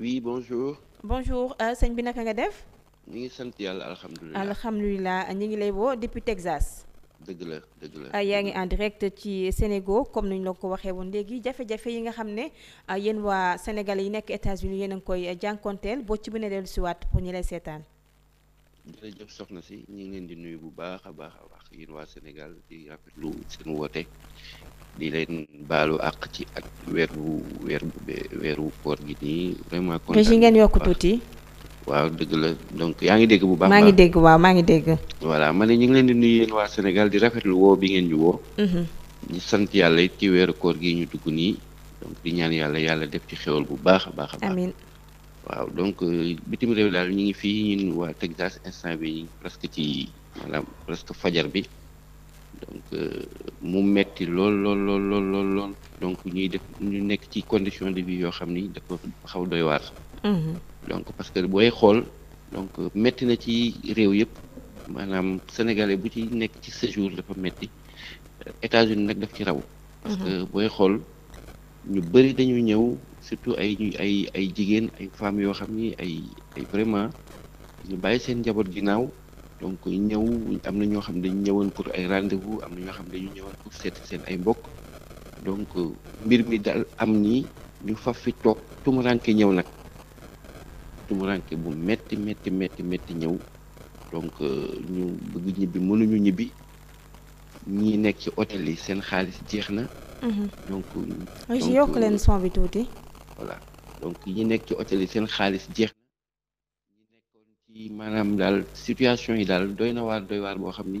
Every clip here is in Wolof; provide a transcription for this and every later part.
oui bonjour. bonjour euh, sëñ bi naka nga def. ñu ngi sant yàlla alhamdulilah alhamdulilah ñu ngi lay woo depuis Texas. dëgg la dëgg la euh, yaa ngi en direct ci Sénégal comme ni ñu la ko waxee woon léegi jafe-jafe yi nga xam ne euh, yéen waa Sénégal yi nekk États-Unis yéen a ngi koy jànkonteel boo ci mën dellu si waat pour ñu lay seetaan. jërëjëf soxna si ñu ngi leen di nuyu bu baax a baax a baax yéen waa Sénégal di rafetlu seen woote di leen baalu àq ci ak weer wu weer bu weeru koor gi nii vraiment kontaan yi ngeen yokk tuuti waaw dëgg la donc yaa ngi dégg bu baax maa ngi dégg waaw maa ngi dégg voilà ma ne ñu ngi leen di nuy yéen waa Sénégal di rafetlu woo bi ngeen ñu woo ñu mm-hmm. sant yàlla it ci weeru koor gi ñu dugg nii donc di ñaan yàlla yàlla def ci xewal bu baax a baax a baax amiin waaw donc euh, bitim réew daal ñu ngi fii ñun waa Texas instant bi presque ci maanaam presque fajar bi donc euh, mu metti lool lool lool lool lool lool donc ñuy def ñu nekk ci condition de vie yoo xam ni dafa xaw doy waar. Mhm. donc parce que booy xool donc metti na ci réew yëpp maanaam sénégalais bu ci nekk ci séjour dafa metti États-Unis nag def ci raw. parce que mhm. booy xool ñu bëri dañu ñëw surtout ay ay ay jigéen ay femmes yoo xam ni ay vraiment ñu bàyyi seen njaboot ginnaaw. donc ñëw am na ñoo xam dañu ñëwoon pour ay rendez-vous am na ñoo xam dañu ñëwoon pour seeti seen ay mbokk donc mbir mi daal am ni ñu faf fi toog tumuranke ñëw nag tumuranke bu metti metti metti metti ñëw donc ñu bëgg ñibbi mënuñu ñibbi ñi nekk ci hôtel yi seen xaalis jeex na mhm. donc yokk leen euh, son bi tuuti voilà donc ñi nekk ci hôtel yi seen xaalis jeex ci maanaam daal situation yi daal doy na waar doy waar boo xam ni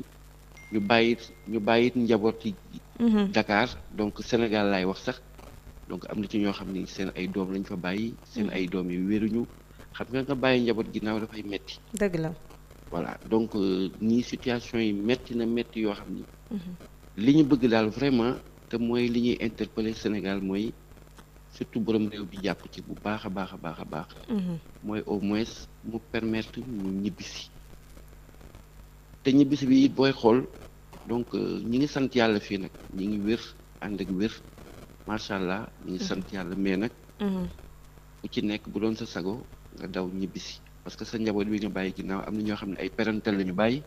ñu bàyyit ñu bàyyit njaboot njabooti mhm. Dakar donc Sénégal laay wax sax donc am na ci ñoo xam ni seen ay doom lañ fa bàyyi seen mhm. ay doom yi ñu xam nga nga bàyyi njaboot ginnaaw dafay metti dëgg la voilà donc euh, ni situation yi metti na metti yoo xam ni mhm. li ñu bëgg daal vraiment te mooy li ñuy interpeller Sénégal mooy surtout borom réew bi jàpp ci bu baax a baax a baax mhm. mooy au moins mu permettre ñu ñibbisi te ñibbisi bii it booy xool donc euh, ñi ngi sant yàlla fii nag ñi ngi wér ànd ak wér macha allah ñi ngi sant yàlla mais nag. Mhm. ku ci nekk bu doon sa sago nga daw ñibbisi parce que sa njaboot bi nga bàyyi ginnaaw am na ñoo xam ne ay parental la ñu bàyyi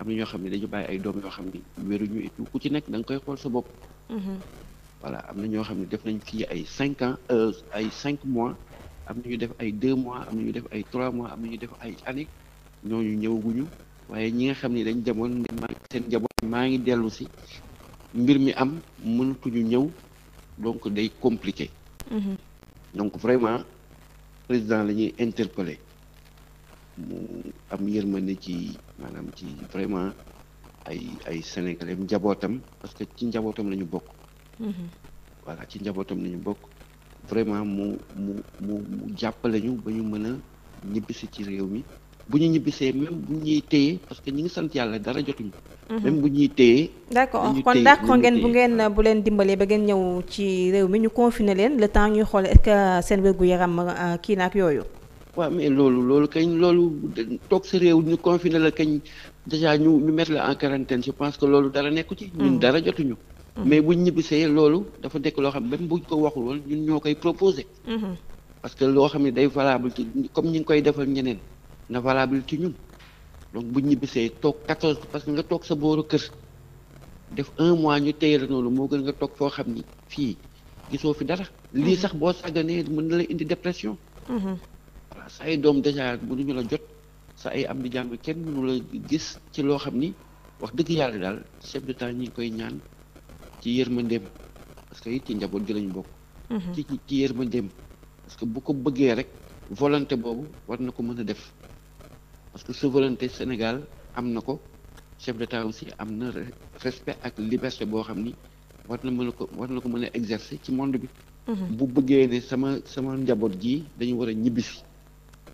am na ñoo xam ne dañu bàyyi ay doom yoo xam ne wéruñu et ku ci nekk da koy xool sa bopp. Mhm. voilà am na ñoo xam ne def nañ fii ay cinq ans euh, ay cinq mois am na ñu def ay deux mois am na ñu def ay trois mois am na ñu def ay années ñooñu ñëwaguñu waaye ñi nga xam ne dañ demoon ne maa ngi seen njaboot maa ngi dellu si mbir mi am mënatuñu ñëw donc day compliqué. Mhm. donc vraiment président la ñuy interpellé mu am yërmande ci maanaam ci vraiment ay ay sénégalais njabootam parce que ci njabootam la ñu bokk. Mm-hmm. voilà ci njabootam nañu bokk vraiment mu mu mu jàppale ñu ba ñu mën a ñibbisi ci réew mi bu ñu ñibbisee même bu ñuy téye parce que ñi ngi sant yàlla dara jotuñu. Mm-hmm. même bu ñuy téye. d' accord kon d' accord ngeen bu ngeen bu leen dimbalee ba ngeen ñëw ci réew mi ñu confiner leen le temps ñuy xool est ce que seen wérgu yaram euh, kii naak yooyu. waaw mais loolu loolu kañ loolu toog sa réew ñu confiner la kañ déjà ñu ñu mettre la en quarantaine je pense que loolu dara nekku ci. ñun mm-hmm. dara jotuñu. Mm-hmm. mais buñ ñibbisee loolu dafa nekk loo xam ne même buñ ko waxu woon ñun ñoo koy proposé. Mm-hmm. parce que loo xam ne day valable comme ñi ngi koy defal ñeneen na valable ci ñun donc buñ ñibbisee toog quatorze parce que nga toog sa booru kër def un mois ñu téye la noonu moo gën nga toog foo xam ni fii gisoo fi dara. Mm-hmm. lii sax boo sàgganee mën na la indi dépression. voilà sa ay doom déjà mënuñu la jot sa ay am di jàng kenn mënu la gis ci loo xam ni wax dëgg yàlla daal chef de temps ñi ngi koy ñaan. ci yërmandeem parce que it ci njaboot gi lañ bokk. Mhm. ci ci yërmandeem parce que bu ko bëggee rek volonté boobu war na ko mën a def parce que sa volonté Sénégal am na ko chef d'état aussi am na respect ak liberté boo xam ni war na mën a ko war na ko mën a exercer ci monde bi. Mhm. bu bëggee ne sama sama njaboot gii dañu war a ñibbisi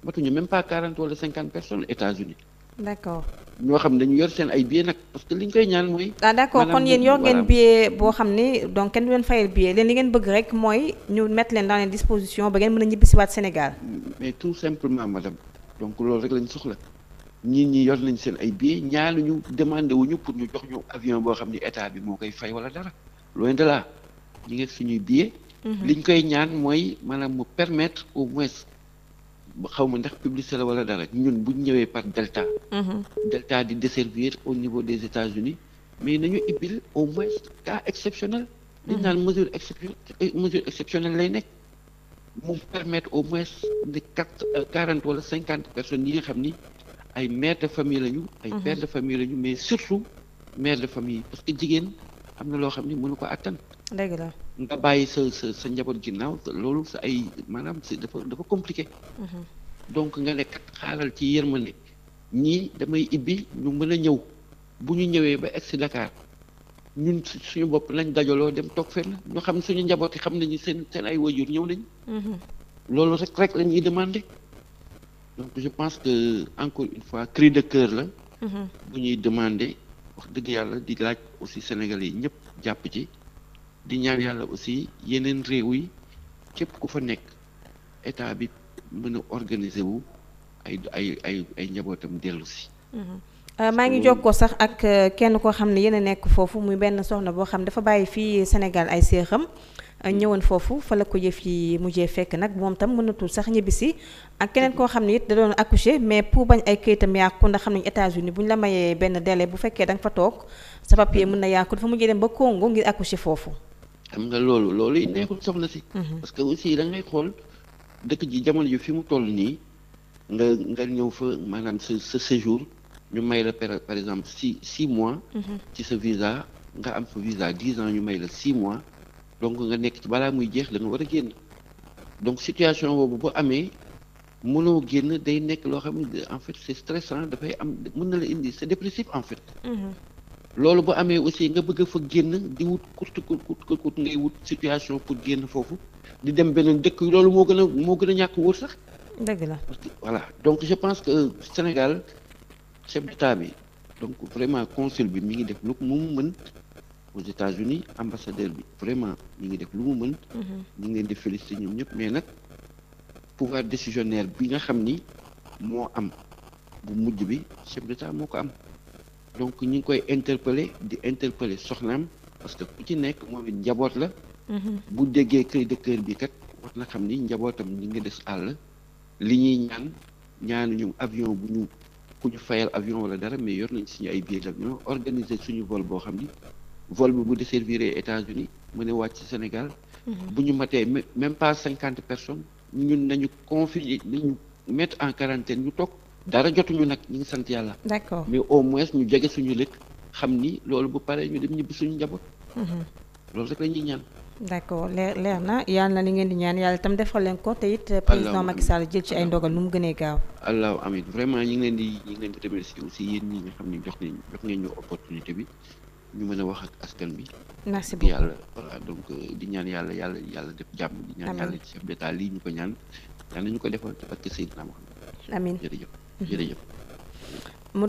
matuñu même pas quarante wala cinquante personnes États-Unis. d'accord. ñoo xam dañu yor seen ay billets nag parce que li ñu koy ñaan mooy. ah d'accord kon yéen yor ngeen billet boo xam ne donc kenn du leen fayal billet leen li ngeen bëgg rek mooy ñu mettre leen dans les dispositions ba ngeen mën a ñibbisiwaat Sénégal. mais tout simplement madame donc loolu rek lañ soxla ñii ñi yor nañ seen ay billets ñaanuñu demandé wuñu pour ñu jox ñu avion boo xam ne état bi moo koy fay wala dara loin de là ñu ngi suñuy billets. Mhm. liñ koy ñaan mooy maanaam mu permettre au moins. xaw ma ndax publicité la wala dara ñun bu ñu ñëwee par Delta. Mhm. Delta di desservir au niveau des États-Unis mais nañu ibbil au moins cas exceptionnel. Mhm. dañ naan mesure exceptionnelle eh, mesure exceptionnelle lay nekk. mu permettre au moins de quatre euh, quarante wala cinquante personnes yi nga xam ni ay mères de famille lañu. ay mhm. pères de famille lañu mais surtout mères de famille parce que jigéen. am na loo xam ni mënu ko attan. dëgg la nga bàyyi sa sa sa njaboot ginnaaw loolu sa ay maanaam si dafa dafa compliqué. Mhm. donc nga nekk xaaral ci yërmande ñii damay ibbi ñu mën a ñëw bu ñu ñëwee ba egg si Dakar ñun suñu bopp nañ dajaloo dem toog fenn ñu xam suñu njaboot yi xam nañu seen seen ay wajur ñëw nañ mhm. loolu rek rek la ñuy donc je pense que encore une fois cri de la. Mhm. bu ñuy demandé. wax dëgg yàlla di laaj aussi Sénégalais yi ñëpp jàpp ci di ñaan yàlla aussi yeneen réew yi képp ku fa nekk état bi mën a organiser wu ay ay ay ay njabootam dellu si. Mhm. Euh, maa ngi jokkoo sax ak euh, kenn koo xam ne yéen nekk foofu muy benn soxna boo xam dafa bàyyi fii Sénégal ay séexam. Euh, ñëwoon foofu fa la ko yëf yi mujjee fekk nag moom tam mënatul sax ñibbisi ak keneen koo xam ne it da doon accouché mais pour bañ ay kayitam yàqu ndax xam nañu états da nga fa toog sa papier mën na yàqu dafa mujjee dem ba Congo ngir accouché foofu. si. Mhm. parce que aussi sa sa séjour ñu may la par mhm. ñu may la six mois. donc nga nekk ci balaa muy jeex dañu war a génn donc situation boobu bu amee mënoo génn day nekk loo xam ne en fait c'est stressant dafay am mën na la indi c'est dépressif en fait. Mhm. loolu bu amee aussi nga bëgg fa génn di wut courte courte courte ngay wut situation pour génn foofu di dem beneen dëkk loolu moo gën a moo gën a ñàkk wóor sax. dëgg la parce donc je pense que Sénégal chef d'État bi donc vraiment consul bi mi ngi def lu mu mën. aux États-Unis ambassadeur bi vraiment ñu ngi def lu mu mën. Mhm. ñu ngi leen di féliciter ñoom ñëpp mais nag pouvoir décisionnaire bi nga xam ni moo am bu mujj bi chef d'État moo ko am donc ñu ngi koy interpeller di interpeller soxnaam parce que ku ci nekk moom it njaboot la. Mhm. bu déggee cri de cœur bi kat war na xam ni njabootam ñu ngi des àll li ñuy ñaan ñaanu ñoom avion bu ñu ku ñu fayal avion wala dara mais yor nañ suñu ay billets d'avion organiser suñu vol boo xam vol bi bu desservir États-Unis mën a wàcc Sénégal. Mhm. bu ñu matee même pas cinquante personnes ñun nañu confiner nañu mettre en quarantaine ñu toog dara jotuñu nag ñu ngi sant yàlla. d'accord mais au moins ñu jege suñu lëkk xam ni loolu bu paree ñu dem ñibbi suñu njaboot. Mhm. loolu rek la ñuy ñaan. d'accord leer leer na yal na li ngeen di ñaan yàlla tam def leen ko te it. président Macky Sall jël allahu amin vraiment ñu ngi leen di ñu ngi leen di remercier aussi yéen ñi nga xam ne bi. ñu mën a wax ak askan bi merci beaucoup yàlla voilà euh, di ñaan yàlla yàlla yàlla def jàmm di ñaan yàlla ci chef d'état lii ñu ko ñaan yàlla ñu ko defal parce que Seydina Muhammad amin jërëjëf jërëjëf